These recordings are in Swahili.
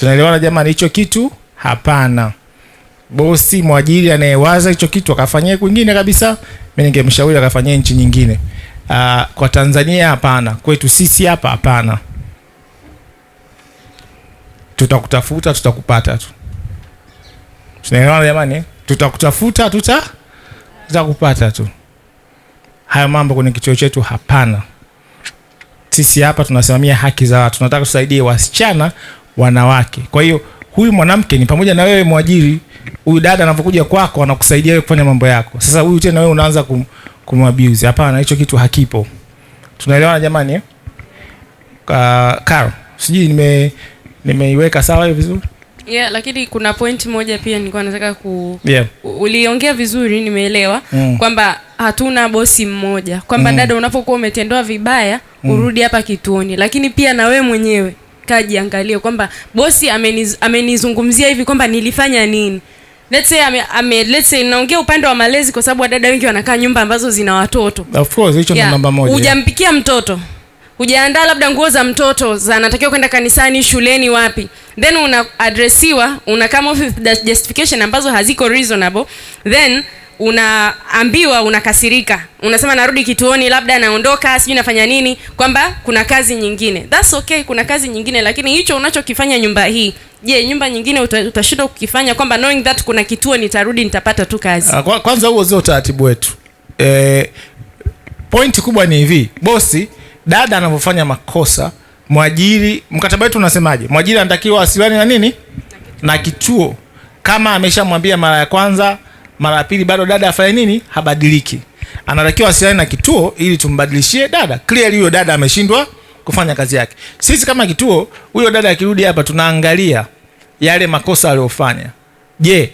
Tunaelewana jamani, hicho kitu hapana. Bosi mwajiri anayewaza hicho kitu akafanyia kwingine kabisa, mimi ningemshauri akafanyia nchi nyingine. Uh, kwa Tanzania hapana, kwetu sisi hapa hapana. Tutakutafuta, tutakupata tu. Tunaelewana jamani, eh? tutakutafuta, tuta tutakupata tu. Haya mambo kwenye kituo chetu hapana. Sisi hapa tunasimamia haki za watu, tunataka tusaidie wasichana wanawake. Kwa hiyo huyu mwanamke ni pamoja na wewe mwajiri, huyu dada anapokuja kwako anakusaidia wewe kufanya mambo yako. Sasa huyu tena wewe unaanza kum, kumabuse. Hapana, hicho kitu hakipo. Tunaelewana jamani eh? Uh, Karo, sijui nime nimeiweka sawa hiyo vizuri? Yeah, lakini kuna point moja pia nilikuwa nataka ku yeah. Uliongea vizuri nimeelewa mm. Kwamba hatuna bosi mmoja kwamba mm. Dada, unapokuwa umetendewa vibaya mm. Urudi hapa kituoni, lakini pia na wewe mwenyewe anatakiwa ajiangalie kwamba bosi ameniz, amenizungumzia hivi kwamba nilifanya nini let's say ame, ame let's say naongea upande wa malezi kwa sababu wadada wengi wanakaa nyumba ambazo zina watoto of course hicho yeah. namba moja hujampikia mtoto hujaandaa labda nguo za mtoto za anatakiwa kwenda kanisani, shuleni, wapi, then una addressiwa una kama justification ambazo haziko reasonable, then unaambiwa unakasirika, unasema narudi kituoni, labda naondoka, sijui nafanya nini, kwamba kuna kazi nyingine. That's okay, kuna kazi nyingine, lakini hicho unachokifanya nyumba hii, je, yeah, nyumba nyingine utashindwa kukifanya, kwamba knowing that kuna kituo nitarudi nitapata tu kazi? Ah, kwanza huo sio utaratibu wetu. Eh, point kubwa ni hivi, bosi dada anavyofanya makosa mwajiri, mkataba wetu unasemaje? Mwajiri anatakiwa asiliane na nini na kituo, kama ameshamwambia mara ya kwanza, mara ya pili, bado dada afanye nini, habadiliki, anatakiwa asiliane na kituo ili tumbadilishie dada. Clearly huyo dada ameshindwa kufanya kazi yake. Sisi kama kituo, huyo dada akirudi hapa, tunaangalia yale makosa aliyofanya. Je,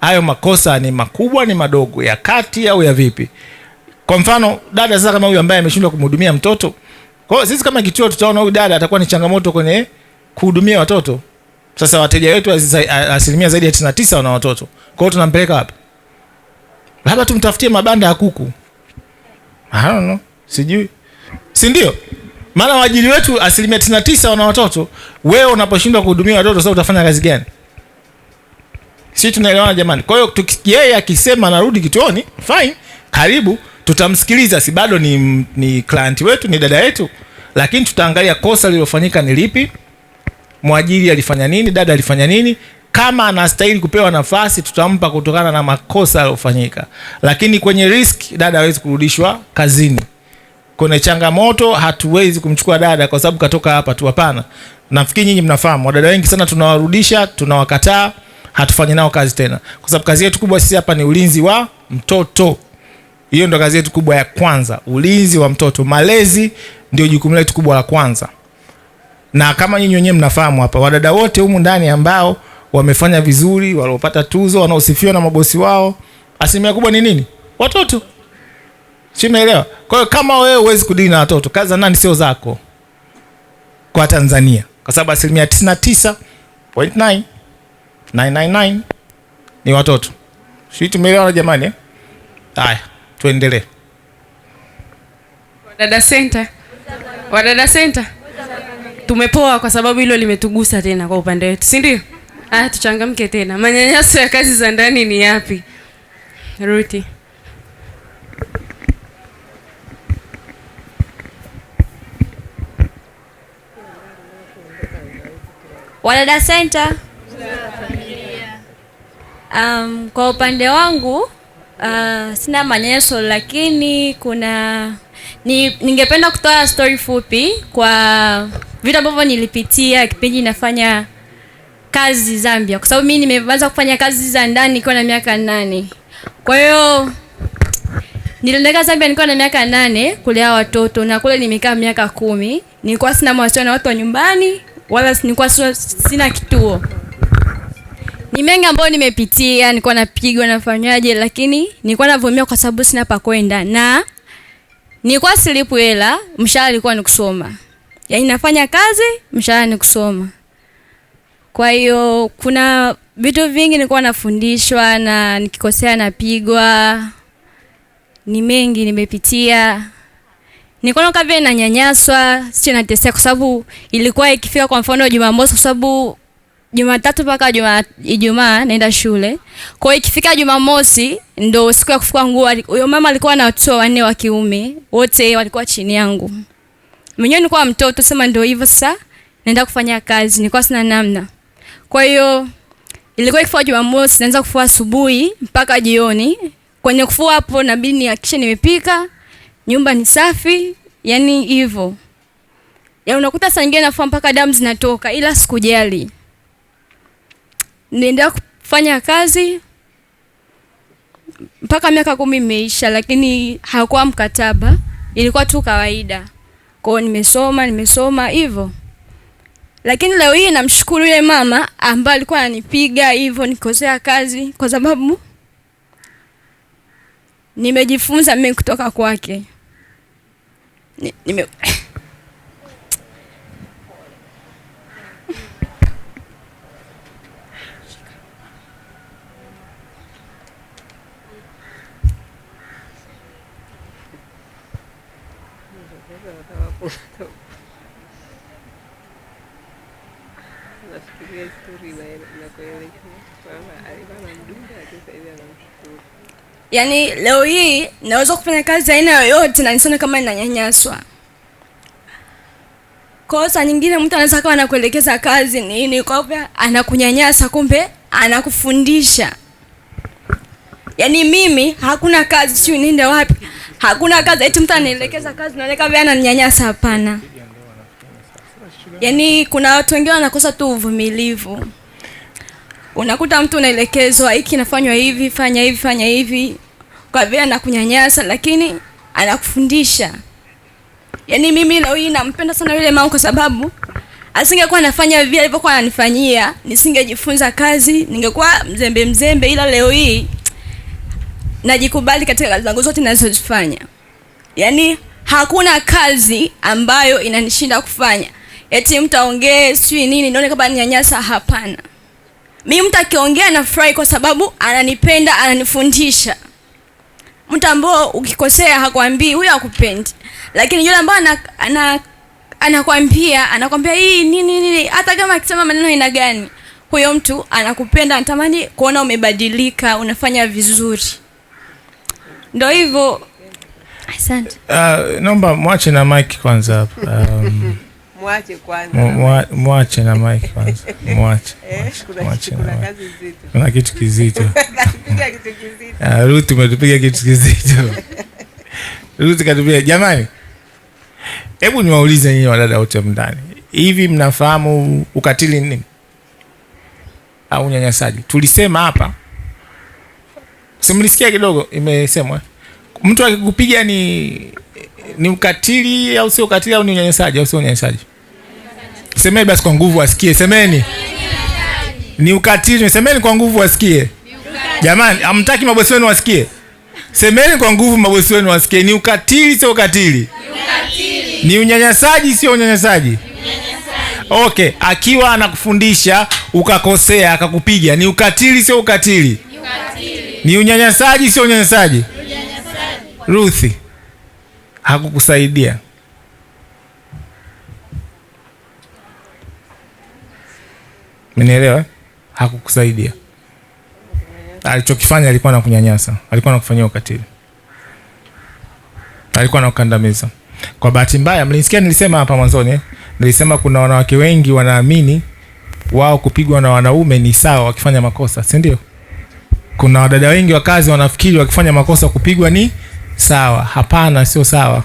hayo makosa ni makubwa, ni madogo, ya kati au ya vipi? Kwa mfano dada sasa, kama huyu ambaye ameshindwa kumhudumia mtoto kwa sisi kama kituo tutaona huyu dada atakuwa ni changamoto kwenye kuhudumia watoto. Sasa wateja wetu asilimia zaidi ya tisa wana watoto. Kwa hiyo tunampeleka wapi? Labda tumtafutie mabanda ya kuku. I don't know. Sijui. Si ndio? Maana waajiri wetu asilimia tisa wana watoto. Wewe unaposhindwa kuhudumia watoto sasa utafanya kazi gani? Sisi tunaelewana jamani. Kwa hiyo yeye akisema narudi kituoni, fine. Karibu tutamsikiliza, si bado ni, ni client wetu, ni dada yetu, lakini tutaangalia kosa lililofanyika ni lipi, mwajiri alifanya nini, dada alifanya nini. Kama anastahili kupewa nafasi, tutampa kutokana na makosa yaliyofanyika, lakini kwenye risk, dada hawezi kurudishwa kazini. Kwenye changamoto, hatuwezi kumchukua dada kwa sababu katoka hapa tu, hapana. Nafikiri nyinyi mnafahamu, wadada wengi sana tunawarudisha, tunawakataa, hatufanyi nao kazi tena, kwa sababu kazi yetu kubwa sisi hapa ni ulinzi wa mtoto. Hiyo ndo kazi yetu kubwa ya kwanza, ulinzi wa mtoto. Malezi ndio jukumu letu kubwa la kwanza, na kama nyinyi wenyewe mnafahamu hapa, wadada wote humu ndani ambao wamefanya vizuri, waliopata tuzo, wanaosifiwa na mabosi wao, asilimia kubwa ni nini? Watoto. Simeelewa. Kwa hiyo kama wewe huwezi kudili na watoto, kazi za nani? Sio zako kwa Tanzania, kwa sababu asilimia 99.9999 ni watoto. Sisi tumeelewana jamani, eh? Haya. Tuendelee. Wadada Center, Wadada Center, tumepoa kwa sababu hilo limetugusa tena kwa upande wetu, si ndio? Ah, tuchangamke tena. Manyanyaso ya kazi za ndani ni yapi? Ruti. Wadada Center. Um, kwa upande wangu Uh, sina manyeso lakini kuna ni, ningependa kutoa story fupi kwa vitu ambavyo nilipitia kipindi nafanya kazi Zambia, kwa sababu mimi nimeanza kufanya kazi za ndani nikiwa na miaka nane. Kwa hiyo nilendeka Zambia nikiwa na miaka nane kulea watoto na kule nimekaa miaka kumi. Nilikuwa sina mawasiliano na watu wa nyumbani wala nilikuwa sina kituo ni mengi ambayo nimepitia, nilikuwa napigwa nafanyaje, lakini nilikuwa navumia kwa sababu sina pa kwenda na nilikuwa silipu hela, mshahara ilikuwa ni kusoma. Yaani nafanya kazi, mshahara ni kusoma. Kwa hiyo kuna vitu vingi nilikuwa nafundishwa na nikikosea napigwa. Ni mengi nimepitia. Nilikuwa nanyanyaswa, sio kwa sababu ilikuwa ikifika kwa mfano Jumamosi kwa sababu Jumatatu mpaka Juma Ijumaa naenda shule. Kwa hiyo ikifika Jumamosi ndo siku ya kufua nguo. Huyo mama alikuwa na watoto wanne wa kiume, wote walikuwa chini yangu. Mwenyewe nilikuwa mtoto sema ndio hivyo sasa naenda kufanya kazi, nilikuwa sina namna. Kwa hiyo ilikuwa ikifua Jumamosi naanza kufua asubuhi mpaka jioni. Kwenye kufua hapo nabidi nihakikishe nimepika, nyumba ni safi, yani hivyo. Ya unakuta saa nyingine nafua mpaka damu zinatoka ila sikujali niliendelea kufanya kazi mpaka miaka kumi imeisha, lakini hakuwa mkataba, ilikuwa tu kawaida. kwao. nimesoma nimesoma hivyo, lakini leo hii namshukuru yule mama ambaye alikuwa ananipiga hivyo nikosea kazi, kwa sababu nimejifunza mimi kutoka kwake nime Nafikiria Yaani leo hii naweza kufanya kazi aina yoyote na nisione kama ninanyanyaswa. Kosa nyingine mtu anaweza kawa anakuelekeza kazi nini, kwa anakunyanyasa, kumbe anakufundisha. Yaani mimi hakuna kazi, sio niende wapi hakuna kazi eti mtu anaelekeza kazi naoneka vya ananyanyasa Hapana, yaani kuna watu wengine wanakosa tu uvumilivu. Unakuta mtu unaelekezwa hiki nafanywa hivi, fanya hivi, fanya hivi, kwa vile anakunyanyasa, lakini anakufundisha. Yaani mimi leo hii nampenda sana yule mama kwa sababu asingekuwa anafanya vile alivyokuwa ananifanyia, nisingejifunza kazi, ningekuwa mzembe mzembe, ila leo hii najikubali katika kazi zangu zote ninazozifanya. Yaani hakuna kazi ambayo inanishinda kufanya. Eti mtu aongee sijui nini, nione kama ninyanyasa, hapana. Mimi mtu akiongea nafurahi kwa sababu ananipenda, ananifundisha. Mtu ambao ukikosea hakwambii, huyo hakupendi. Lakini yule ambaye ana, ana anakwambia anakwambia hii nini nini, hata kama akisema maneno ina gani, huyo mtu anakupenda, anatamani kuona umebadilika, unafanya vizuri ndo hivyo. Asante. Uh, naomba mwache na mike kwanza hapa um, mwache na mike kwanza mwache, eh, kuna, mwache kitu, kuna, kuna kitu kizito ah, Ruth umetupiga kitu kizito Ruth katupiga. Jamani, hebu niwaulize nyinyi wadada wote mndani, hivi mnafahamu ukatili nini au unyanyasaji? Tulisema hapa Simlisikia kidogo imesemwa, mtu akikupiga ni ni ukatili au sio ukatili au ni unyanyasaji au sio unyanyasaji? Semeni basi kwa nguvu asikie Semeni ni ukatili, semeni kwa nguvu asikie Jamani, amtaki mabosi wenu wasikie? Semeni kwa nguvu mabosi wenu wasikie. Ni ukatili, sio ukatili? Ni unyanyasaji, sio unyanyasaji? Okay, akiwa anakufundisha ukakosea akakupiga, ni ukatili, sio ukatili? Ni unyanyasaji, sio unyanyasaji? Ruthi hakukusaidia. Mnielewa? Hakukusaidia. Alichokifanya alikuwa nakunyanyasa, alikuwa nakufanyia ukatili, alikuwa kukandamiza. Kwa bahati mbaya, mlinisikia nilisema hapa mwanzoni, nilisema kuna wanawake wengi wanaamini wao kupigwa na wanaume ni sawa wakifanya makosa, si ndio? Kuna wadada wengi wa kazi wanafikiri wakifanya makosa kupigwa ni sawa. Hapana, sio sawa.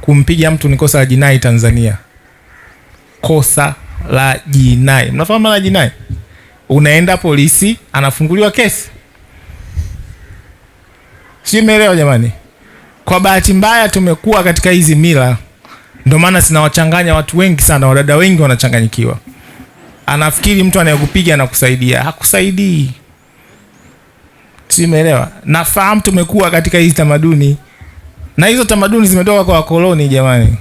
Kumpiga mtu ni kosa la jinai Tanzania, kosa la jinai. Mnafahamu la jinai? Unaenda polisi, anafunguliwa kesi. Sio, umeelewa jamani? Kwa bahati mbaya tumekuwa katika hizi mila, ndio maana zinawachanganya watu wengi sana. Wadada wengi wanachanganyikiwa, anafikiri mtu anayekupiga anakusaidia, hakusaidii. Simeelewa. Nafahamu tumekuwa katika hizi tamaduni na hizo tamaduni zimetoka kwa wakoloni jamani.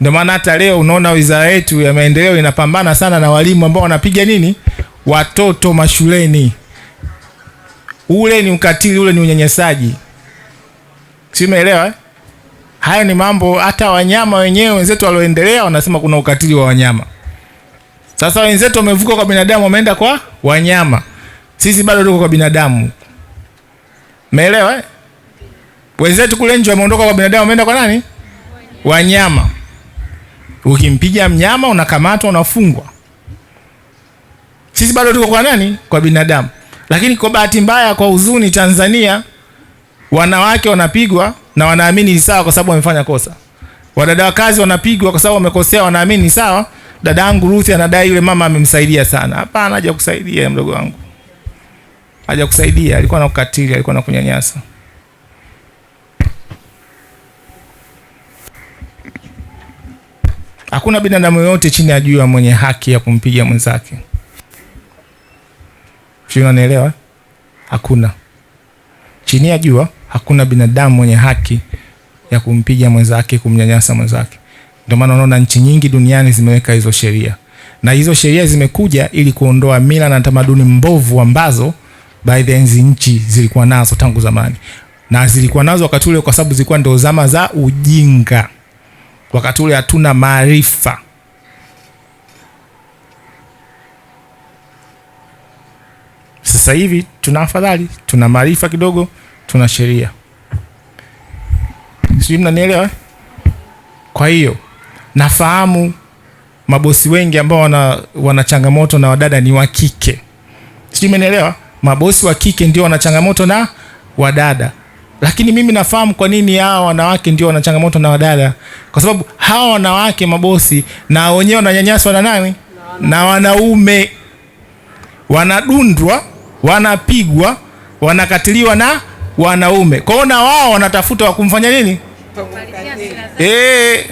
Ndio maana hata leo unaona wizara yetu ya maendeleo inapambana sana na walimu ambao wanapiga nini watoto mashuleni. Ule ni ukatili, ule ni unyanyasaji. Simeelewa. Eh? Haya ni mambo, hata wanyama wenyewe wenzetu walioendelea wanasema kuna ukatili wa wanyama. Sasa wenzetu wamevuka kwa binadamu, wameenda kwa wanyama, sisi bado tuko kwa binadamu. Umeelewa eh? Wenzetu kule nje wameondoka kwa binadamu wameenda kwa nani? Wanyama. Ukimpiga mnyama unakamatwa, unafungwa. Sisi bado tuko kwa nani? Kwa binadamu. Lakini kwa bahati mbaya, kwa huzuni, Tanzania wanawake wanapigwa na wanaamini ni sawa kwa sababu wamefanya kosa. Wadada wa kazi wanapigwa kwa sababu wamekosea, wanaamini ni sawa. Dadangu Ruth anadai yule mama amemsaidia sana. Hapana, haja kusaidia mdogo wangu hajakusaidia, alikuwa anakukatili, alikuwa kunyanyasa. Hakuna binadamu yoyote chini ya jua mwenye haki ya kumpiga mwenzake. Sio, unanielewa? Hakuna chini ya jua, hakuna binadamu mwenye haki ya kumpiga mwenzake, kumnyanyasa mwenzake. Ndio maana unaona nchi nyingi duniani zimeweka hizo sheria, na hizo sheria zimekuja ili kuondoa mila na tamaduni mbovu ambazo baadhi ya enzi nchi zilikuwa nazo tangu zamani, na zilikuwa nazo wakati ule kwa sababu zilikuwa ndo zama za ujinga. Wakati ule hatuna maarifa. Sasa hivi tuna afadhali, tuna maarifa kidogo, tuna sheria, sijui mnanielewa. Kwa hiyo nafahamu mabosi wengi ambao wana, wana changamoto na wadada ni wa kike, sijui mnanielewa. Mabosi wa kike ndio wana changamoto na wadada, lakini mimi nafahamu kwa nini hawa wanawake ndio wana changamoto na wadada, kwa sababu hawa wanawake mabosi na wenyewe wananyanyaswa na nani na wanaume, wanadundwa, wanapigwa, wanakatiliwa na wanaume. Kwa hiyo na wao wanatafuta wa kumfanya nini? Eh,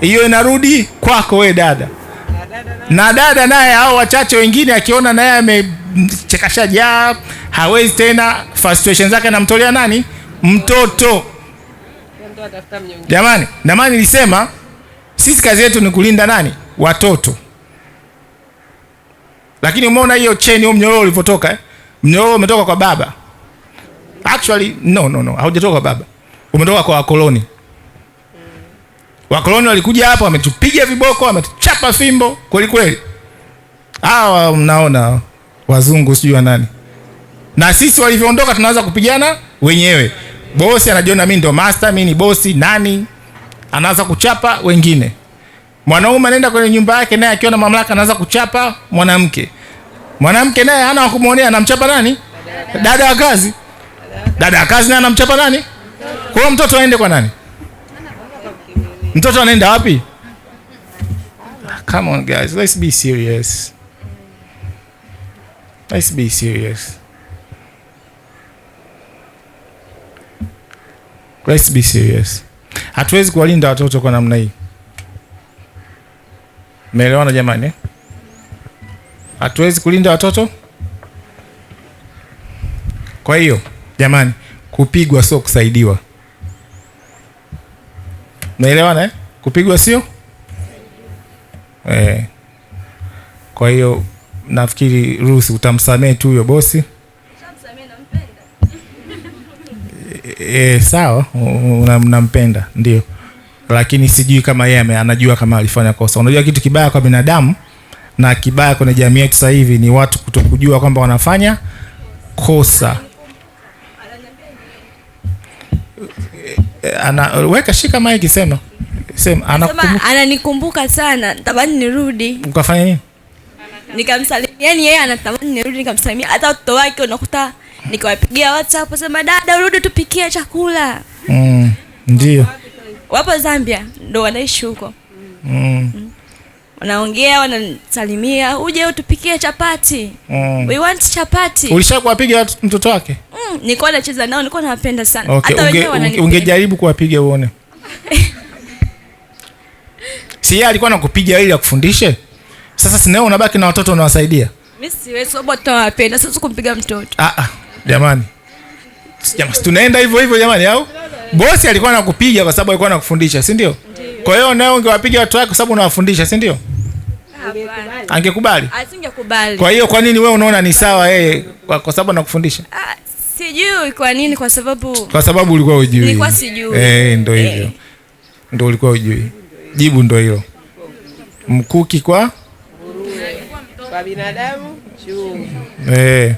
hiyo inarudi kwako we dada, na dada naye, au wachache wengine akiona naye ame chakashajaa, hawezi tena, frustration zake anamtolea nani? Mtoto. Jamani, jamani, nilisema sisi kazi yetu ni kulinda nani? Watoto. Lakini umeona hiyo cheni, huo mnyororo ulivyotoka eh? Mnyororo umetoka kwa baba. Actually no no no, haujatoka kwa baba, umetoka kwa wakoloni. Wakoloni walikuja hapa, wametupiga viboko, wametuchapa fimbo kweli kweli. Hawa mnaona wazungu sijui nani, na sisi walivyoondoka tunaanza kupigana wenyewe. Bosi anajiona mimi ndio master, mimi ni bosi nani, anaanza kuchapa wengine. Mwanaume anaenda kwenye nyumba yake, naye akiwa na mamlaka anaanza kuchapa mwanamke. Mwanamke naye hana wakumuonea, anamchapa nani? Dada wa kazi. Dada wa kazi naye anamchapa nani? Kwa mtoto aende kwa nani? Mtoto anaenda wapi? Ah, come on guys, let's be serious. Let's be serious. Let's be serious. Hatuwezi kuwalinda watoto kwa namna hii. Meelewana jamani? Eh? Hatuwezi kulinda watoto. Kwa hiyo jamani, kupigwa sio kusaidiwa. Meelewana eh? Kupigwa sio eh. Kwa hiyo nafikiri Ruth utamsamehe tu huyo bosi e, e, sawa, unampenda ndio, lakini sijui kama yeye anajua kama alifanya kosa. Unajua kitu kibaya kwa binadamu na kibaya kwenye jamii yetu sasa hivi ni watu kutokujua kwamba wanafanya kosa. E, weka shika maiki, sema sema, anakumbuka sana, tabani nirudi. Ukafanya nini? nikamsalimia, yani yeye anatamani nirudi nikamsalimia, hata watoto wake unakuta nikawapigia WhatsApp sema dada, urudi tupikie chakula mm. Ndio wapo Zambia, ndo wanaishi huko mm. mm. Wanaongea, wanasalimia, uje utupikie chapati mm. we want chapati. ulisha kuwapiga mtoto wake? mm. Nilikuwa nacheza nao, nilikuwa nawapenda sana. Okay. Hata wenyewe wanani Ungejaribu kuwapiga uone si yeye alikuwa anakupiga ili akufundishe sasa si nawe unabaki na watoto unawasaidia. Mimi siwezi sababu tutawapenda. Sasa kumpiga mtoto. Ah ah. Jamani. Jamani, tunaenda hivyo hivyo jamani au? Bosi alikuwa anakupiga kwa sababu alikuwa anakufundisha, si ndio? Kwa hiyo nawe ungewapiga watu wako kwa sababu unawafundisha, si ndio? Angekubali? Asingekubali. Kwa hiyo kwa nini wewe unaona ni sawa yeye kwa sababu anakufundisha? Ah, sijui kwa nini kwa sababu Kwa sababu ulikuwa ujui Nilikuwa sijui. Eh, ndio hivyo. Eh. Ndio ulikuwa ujui Jibu ndio hilo. Mkuki kwa kwa binadamu chungu eh.